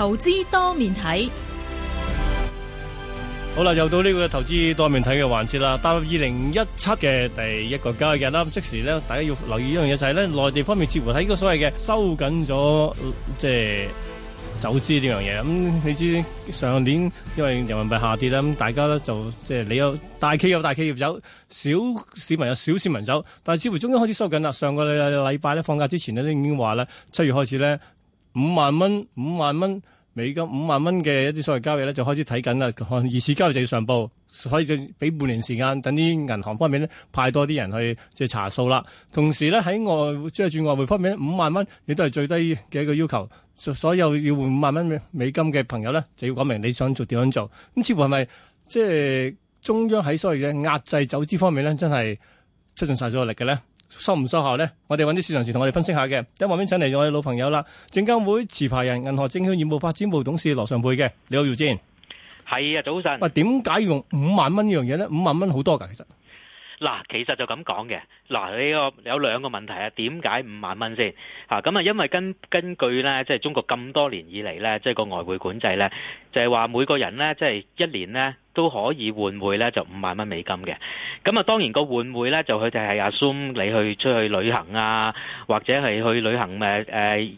投資多面睇，好啦，又到呢個投資多面睇嘅環節啦。踏入二零一七嘅第一個交易日啦，即時咧，大家要留意一樣嘢就係咧，內地方面似乎喺個所謂嘅收緊咗，即係走資呢樣嘢。咁、嗯、你知上年因為人民幣下跌咧，咁大家咧就即係你有大企有大企業走，小市民有小市民走，但係似乎中央開始收緊啦。上個禮拜咧放假之前咧都已經話咧，七月開始呢。五萬蚊，五萬蚊美金，五萬蚊嘅一啲所謂交易咧，就開始睇緊啦。二次交易就要上報，所以就俾半年時間等啲銀行方面咧派多啲人去即係查數啦。同時咧喺外即係轉外匯方面，五萬蚊亦都係最低嘅一個要求。所有要換五萬蚊美金嘅朋友咧，就要講明你想做點樣做。咁似乎係咪即係中央喺所謂嘅壓制走資方面咧，真係出盡晒所有力嘅咧？收唔收效呢？我哋揾啲市場人士同我哋分析一下嘅。咁旁邊請嚟我哋老朋友啦，證監會持牌人、銀河證券業務發展部董事羅尚沛嘅，你好，姚志。係啊，早晨。喂、啊，點解用五萬蚊呢樣嘢呢？五萬蚊好多噶、啊，其實。嗱，其實就咁講嘅。嗱，你個有兩個問題啊，點解五萬蚊先？嚇，咁啊，因為根根據咧，即係中國咁多年以嚟咧，即係個外匯管制咧，就係話每個人咧，即係一年咧都可以換匯咧，就五萬蚊美金嘅。咁啊，當然個換匯咧，就佢就係 assume 你去出去旅行啊，或者係去旅行誒誒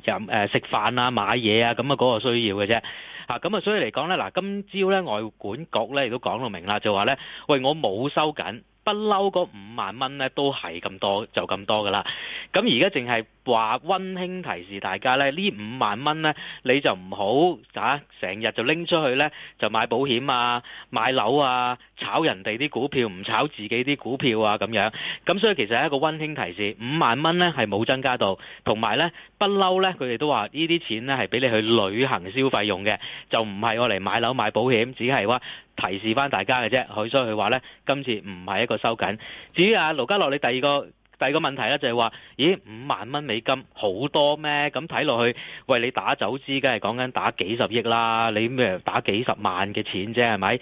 飲誒食飯啊、買嘢啊，咁啊嗰個需要嘅啫。嚇，咁啊，所以嚟講咧，嗱，今朝咧外管局咧亦都講到明啦，就話咧，喂，我冇收緊。不嬲，嗰五萬蚊咧都係咁多，就咁多噶啦。咁而家淨係話溫馨提示大家咧，呢五萬蚊咧，你就唔好啊成日就拎出去咧，就買保險啊、買樓啊、炒人哋啲股票，唔炒自己啲股票啊咁樣。咁所以其實係一個溫馨提示，五萬蚊咧係冇增加到，同埋咧不嬲咧，佢哋都話呢啲錢咧係俾你去旅行消費用嘅，就唔係我嚟買樓買保險，只係話，提示翻大家嘅啫，佢所以佢話咧，今次唔係一個收緊。至於阿、啊、盧家樂，你第二個。第二個問題咧就係話，咦五萬蚊美金好多咩？咁睇落去，喂你打走資，梗係講緊打幾十億啦，你咩打幾十萬嘅錢啫係咪？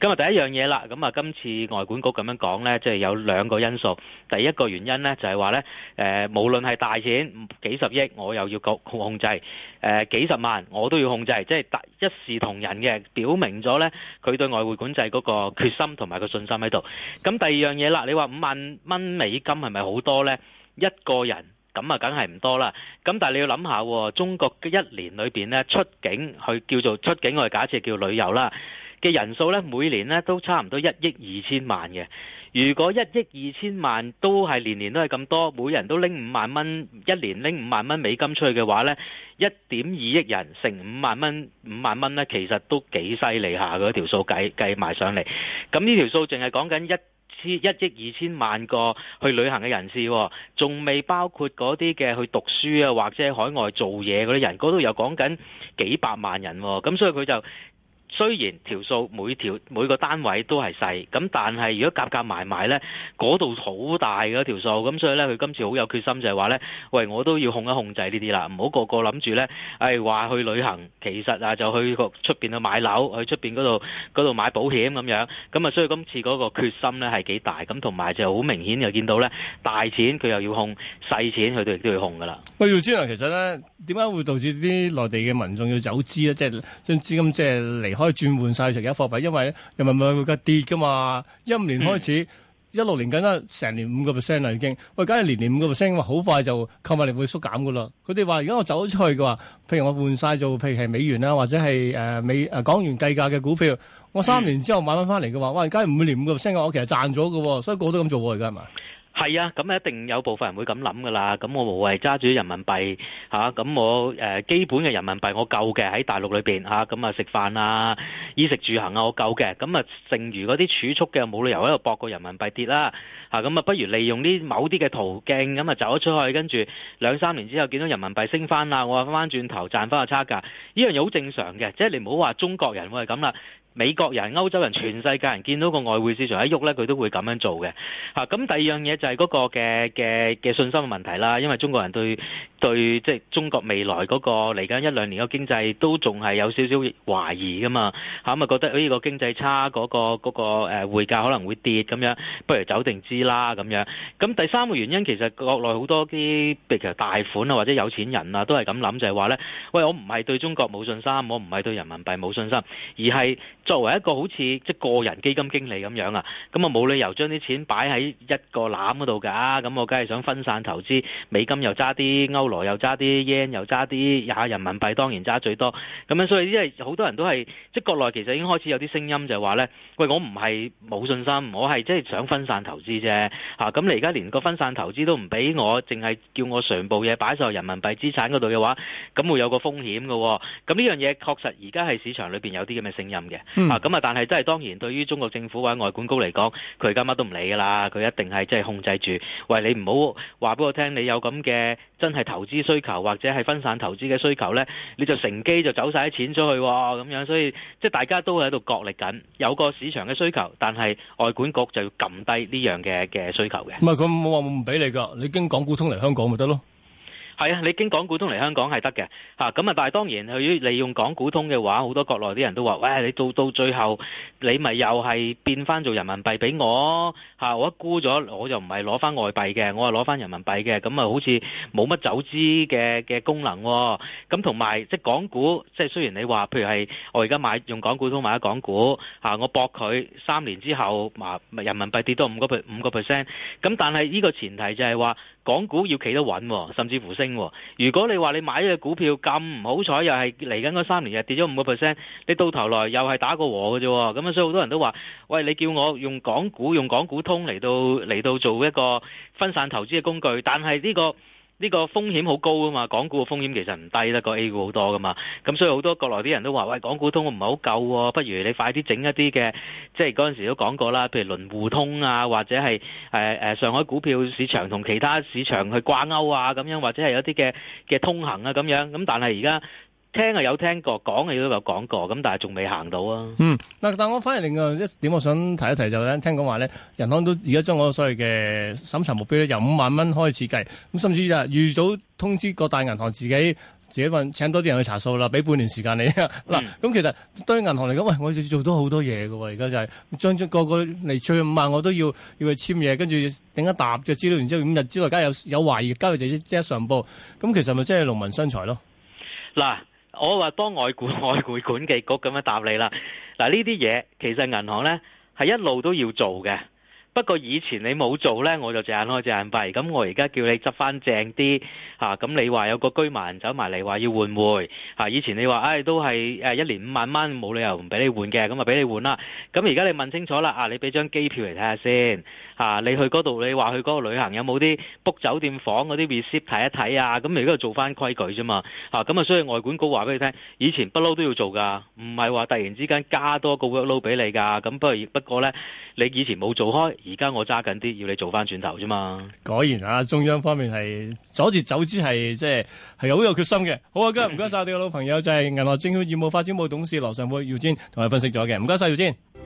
咁啊第一樣嘢啦，咁啊今次外管局咁樣講咧，即係有兩個因素。第一個原因咧就係話咧，誒無論係大錢幾十億，我又要控控制；誒幾十萬我都要控制，即係一視同仁嘅，表明咗咧佢對外匯管制嗰個決心同埋個信心喺度。咁第二樣嘢啦，你話五萬蚊美金係咪好？多咧，一個人咁啊，梗係唔多啦。咁但係你要諗下，中國一年裏邊咧出境去叫做出境，我哋假設叫旅遊啦嘅人數咧，每年咧都差唔多一億二千萬嘅。如果一億二千萬都係年年都係咁多，每人都拎五萬蚊，一年拎五萬蚊美金出去嘅話咧，一點二億人乘五萬蚊，五萬蚊咧，其實都幾犀利下嘅，條數計計埋上嚟。咁呢條數淨係講緊一。一億二千萬個去旅行嘅人士，哦，仲未包括嗰啲嘅去讀書啊，或者海外做嘢嗰啲人，嗰度又講緊幾百萬人，哦，咁所以佢就。雖然條數每條每個單位都係細，咁但係如果夾夾埋埋呢，嗰度好大嘅條數，咁所以呢，佢今次好有決心就係話呢：「喂，我都要控一控制呢啲啦，唔好個個諗住呢。哎」誒話去旅行，其實啊就去出邊去買樓，去出邊嗰度度買保險咁樣，咁啊所以今次嗰個決心呢係幾大，咁同埋就好明顯就見到呢，大錢佢又要控，細錢佢哋都要控噶啦。喂，要知道其實呢，點解會導致啲內地嘅民眾要走資呢？即係將資金即係可以轉換晒成家貨幣，因為人民幣匯價跌噶嘛。一五年開始，一六、嗯、年更加成年五個 percent 啦，已經。喂，梗係年年五個 percent，話好快就購買力會縮減噶啦。佢哋話：如果我走咗出去嘅話，譬如我換晒做譬如係美元啦，或者係誒美誒港元計價嘅股票，我三年之後買翻翻嚟嘅話，哇！梗係唔會年年五個 percent 啊！我其實賺咗嘅，所以個個都咁做喎。而家係咪？係啊，咁一定有部分人會咁諗噶啦。咁我無謂揸住人民幣吓，咁、啊、我誒、呃、基本嘅人民幣我夠嘅喺大陸裏邊吓，咁啊食飯啊、衣食住行啊，我夠嘅。咁啊，剩餘嗰啲儲蓄嘅冇理由喺度博過人民幣跌啦。吓，咁啊，不如利用啲某啲嘅途徑咁啊走咗出去，跟住兩三年之後見到人民幣升翻啦，我話翻翻轉頭賺翻個差價，呢樣嘢好正常嘅。即係你唔好話中國人會係咁啦。美國人、歐洲人、全世界人見到個外匯市場喺喐咧，佢都會咁樣做嘅嚇。咁第二樣嘢就係嗰個嘅嘅嘅信心嘅問題啦，因為中國人對對即係中國未來嗰個嚟緊一兩年嘅經濟都仲係有少少懷疑噶嘛嚇，咁啊覺得呢個經濟差，嗰個嗰個誒匯價可能會跌咁樣，不如走定資啦咁樣。咁第三個原因其實國內好多啲譬如大款啊或者有錢人啊都係咁諗，就係話咧，喂我唔係對中國冇信心，我唔係對人民幣冇信心，而係，作為一個好似即係個人基金經理咁樣啊，咁啊冇理由將啲錢擺喺一個籃嗰度㗎，咁我梗係想分散投資，美金又揸啲，歐羅又揸啲，yen 又揸啲，啊人民幣當然揸最多，咁樣所以因為好多人都係即係國內其實已經開始有啲聲音就係話咧，喂我唔係冇信心，我係即係想分散投資啫，嚇、啊、咁你而家連個分散投資都唔俾我，淨係叫我上部嘢擺在人民幣資產嗰度嘅話，咁會有個風險嘅、哦，咁呢樣嘢確實而家係市場裏邊有啲咁嘅聲音嘅。啊，咁、嗯、啊，但係真係當然，對於中國政府或者外管局嚟講，佢而家乜都唔理噶啦，佢一定係即係控制住，喂你唔好話俾我聽你有咁嘅真係投資需求或者係分散投資嘅需求呢，你就乘機就走晒啲錢出去咁、哦、樣，所以即係大家都喺度角力緊，有個市場嘅需求，但係外管局就要撳低呢樣嘅嘅需求嘅。唔係佢冇話唔俾你噶，你經港股通嚟香港咪得咯。係啊，你經港股通嚟香港係得嘅，吓咁啊！但係當然，佢利用港股通嘅話，好多國內啲人都話：，喂，你到到最後，你咪又係變翻做人民幣俾我？吓、啊，我一沽咗，我就唔係攞翻外幣嘅，我係攞翻人民幣嘅，咁、哦、啊，好似冇乜走資嘅嘅功能。咁同埋，即係港股，即係雖然你話，譬如係我而家買用港股通買咗港股，吓、啊、我博佢三年之後，嘛人民幣跌到五個 per 五個 percent，咁但係呢個前提就係話。港股要企得穩、哦，甚至乎升、哦。如果你話你買呢隻股票咁唔好彩，又係嚟緊嗰三年日跌咗五個 percent，你到頭來又係打個和嘅啫、哦。咁啊，所以好多人都話：，喂，你叫我用港股、用港股通嚟到嚟到做一個分散投資嘅工具，但係呢、這個。呢個風險好高啊嘛，港股嘅風險其實唔低啦，過 A 股好多噶嘛。咁所以好多國內啲人都話：喂，港股通我唔係好夠喎，不如你快啲整一啲嘅，即係嗰陣時都講過啦，譬如輪互通啊，或者係誒誒上海股票市場同其他市場去掛鈎啊，咁樣或者係有啲嘅嘅通行啊，咁樣。咁但係而家。聽啊有聽過，講嘅都有講過，咁但係仲未行到啊。嗯，嗱，但我反而另外一點，我想提一提就咧、係，聽講話咧，人行都而家將我所謂嘅審查目標咧，由五萬蚊開始計，咁甚至就預早通知各大銀行自己自己請多啲人去查數啦，俾半年時間你。嗱，咁其實對於銀行嚟講，喂、哎，我要做到多好多嘢噶，而家就係將將個個嚟，最五萬我都要要去簽嘢，跟住整一沓嘅資料，然之後五日之內，而家有有懷疑，嘅交易就即刻上報。咁其實咪即係勞民傷財咯？嗱。我話當外管外匯管理局咁樣答你啦。嗱，呢啲嘢其實銀行咧，係一路都要做嘅。不過以前你冇做呢，我就隻眼開隻眼閉。咁、啊、我而家叫你執翻正啲嚇，咁、啊、你話有個居民走埋嚟話要換匯嚇、啊，以前你話唉、哎、都係一年五萬蚊，冇理由唔俾你換嘅，咁啊俾你換啦。咁而家你問清楚啦，啊你俾張機票嚟睇下先嚇、啊，你去嗰度你話去嗰個旅行有冇啲 book 酒店房嗰啲 receipt 睇一睇啊？咁而家做翻規矩啫嘛嚇，咁啊所以外管局話俾你聽，以前不嬲都要做噶，唔係話突然之間加多個 workload 俾你噶。咁不，不過不過咧，你以前冇做開。而家我揸緊啲，要你做翻轉頭啫嘛！果然啊，中央方面係阻住走資係即係係好有決心嘅。好啊，今日唔該曬啲老朋友， 就係銀河證券業務發展部董事羅尚沛耀堅同我分析咗嘅。唔該晒耀堅。耀